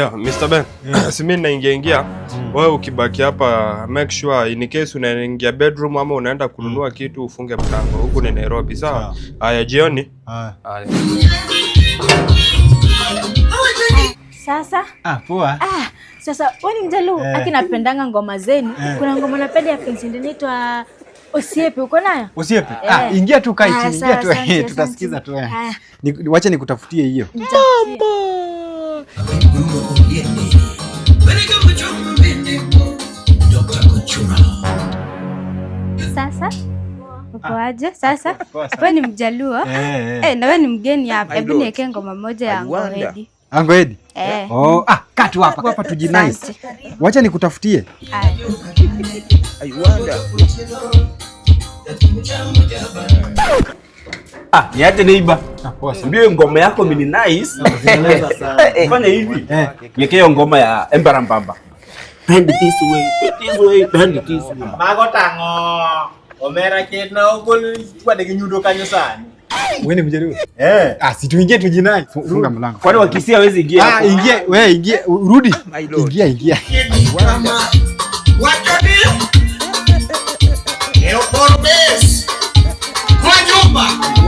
Yeah, Mr. Ben, yeah. Si mimi naingia ingia mm. Wewe ukibaki hapa make sure in case unaingia bedroom ama unaenda kununua mm. kitu ufunge mlango. Huku ni Nairobi, sawa? Haya, jioni. Haya. Sasa? Ah, poa. Ah, sasa wewe ni Mjaluo, eh. Akinapendanga ngoma zenu. Eh. Kuna ngoma napenda ya Prince inaitwa Usiepe, uko nayo? Usiepe. Yeah. Ah, ingia tu, kaa chini, ah, ingia tu tutasikiza tu. Eh. Wacha nikutafutie hiyo. Mambo. Sasa ukoaje? Ah. Sasa ah, we ni Mjaluo eh, eh. Eh, na we ni mgeni hapa. Hebu niwekee ngoma moja ya Angoedi. Angoedi? Eh. Oh, ah, katu hapa hapa tujinais. Wacha nikutafutie. I Ah, niache neiba. Mbio ngoma yako mini nice. Ah, eh, fanya hivi. Niwekee eh, eh. ngoma ya Embara Mbamba. Bend this way, Bend this way, bend this way. Mago tango. Omera kina ogol kwa de nyundo kanyo sana. Wewe ni mjeruhi? Eh. Ah, si tuingie tujinai. Funga mlango. Kwani wakisia hawezi ingia? Ah, ingie, wewe ingie, rudi. Ah, ingia, ingia. Wacha ni. Eo por vez. Kwa nyumba.